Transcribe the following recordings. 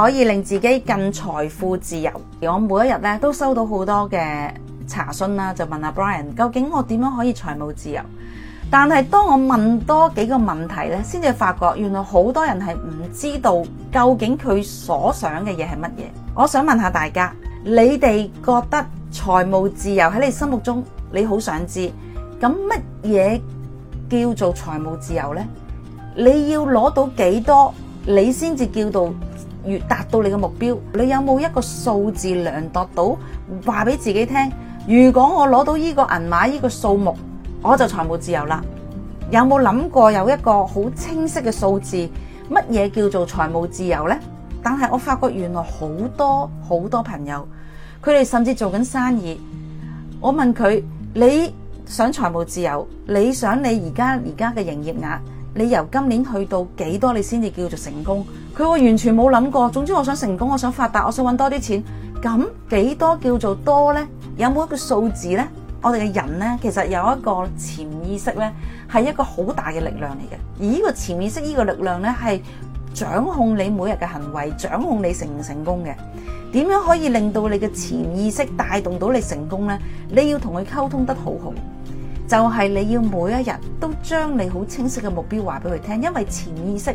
可以令自己更財富自由。而我每一日咧都收到好多嘅查詢啦，就問阿 Brian，究竟我點樣可以財務自由？但係當我問多幾個問題咧，先至發覺原來好多人係唔知道究竟佢所想嘅嘢係乜嘢。我想問下大家，你哋覺得財務自由喺你心目中你好想知咁乜嘢叫做財務自由呢？你要攞到幾多，你先至叫到？越達到你嘅目標，你有冇一個數字量度到話俾自己聽？如果我攞到呢個銀碼，呢個數目，我就財務自由啦。有冇諗過有一個好清晰嘅數字，乜嘢叫做財務自由呢？但係我發覺原來好多好多朋友，佢哋甚至做緊生意。我問佢：你想財務自由？你想你而家而家嘅營業額？你由今年去到幾多，你先至叫做成功？佢會完全冇諗過。總之，我想成功，我想發達，我想揾多啲錢。咁幾多叫做多呢？有冇一個數字呢？我哋嘅人呢，其實有一個潛意識呢，係一個好大嘅力量嚟嘅。而呢個潛意識，呢個力量呢，係掌控你每日嘅行為，掌控你成唔成功嘅。點樣可以令到你嘅潛意識帶動到你成功呢？你要同佢溝通得好好。就係你要每一日都將你好清晰嘅目標話俾佢聽，因為潛意識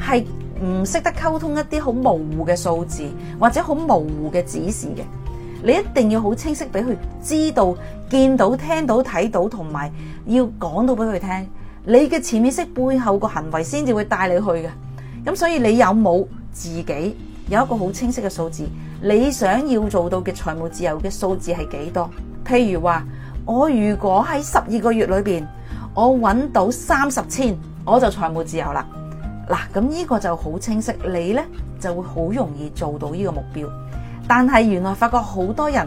係唔識得溝通一啲好模糊嘅數字或者好模糊嘅指示嘅。你一定要好清晰俾佢知道、見到、聽到、睇到，同埋要講到俾佢聽。你嘅潛意識背後個行為先至會帶你去嘅。咁所以你有冇自己有一個好清晰嘅數字？你想要做到嘅財務自由嘅數字係幾多？譬如話。我如果喺十二個月裏邊，我搵到三十千，我就財務自由啦。嗱，咁呢個就好清晰，你呢就會好容易做到呢個目標。但係原來發覺好多人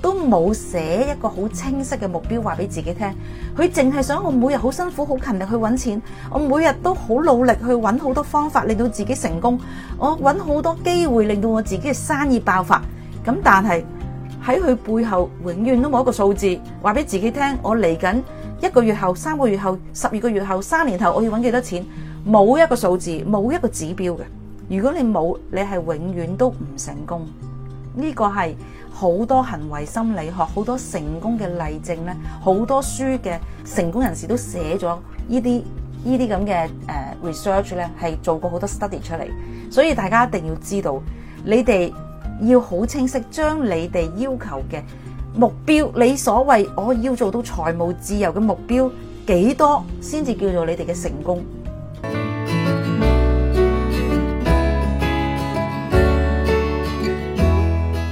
都冇寫一個好清晰嘅目標話俾自己聽，佢淨係想我每日好辛苦、好勤力去搵錢，我每日都好努力去搵好多方法，令到自己成功，我搵好多機會，令到我自己嘅生意爆發。咁但係。喺佢背後永遠都冇一個數字，話俾自己聽，我嚟緊一個月後、三個月後、十二個月後、三年後，我要搵幾多錢？冇一個數字，冇一個指標嘅。如果你冇，你係永遠都唔成功。呢個係好多行為心理學、好多成功嘅例證呢，好多書嘅成功人士都寫咗呢啲呢啲咁嘅誒 research 呢，係做過好多 study 出嚟。所以大家一定要知道，你哋。要好清晰，將你哋要求嘅目標，你所謂我要做到財務自由嘅目標幾多，先至叫做你哋嘅成功？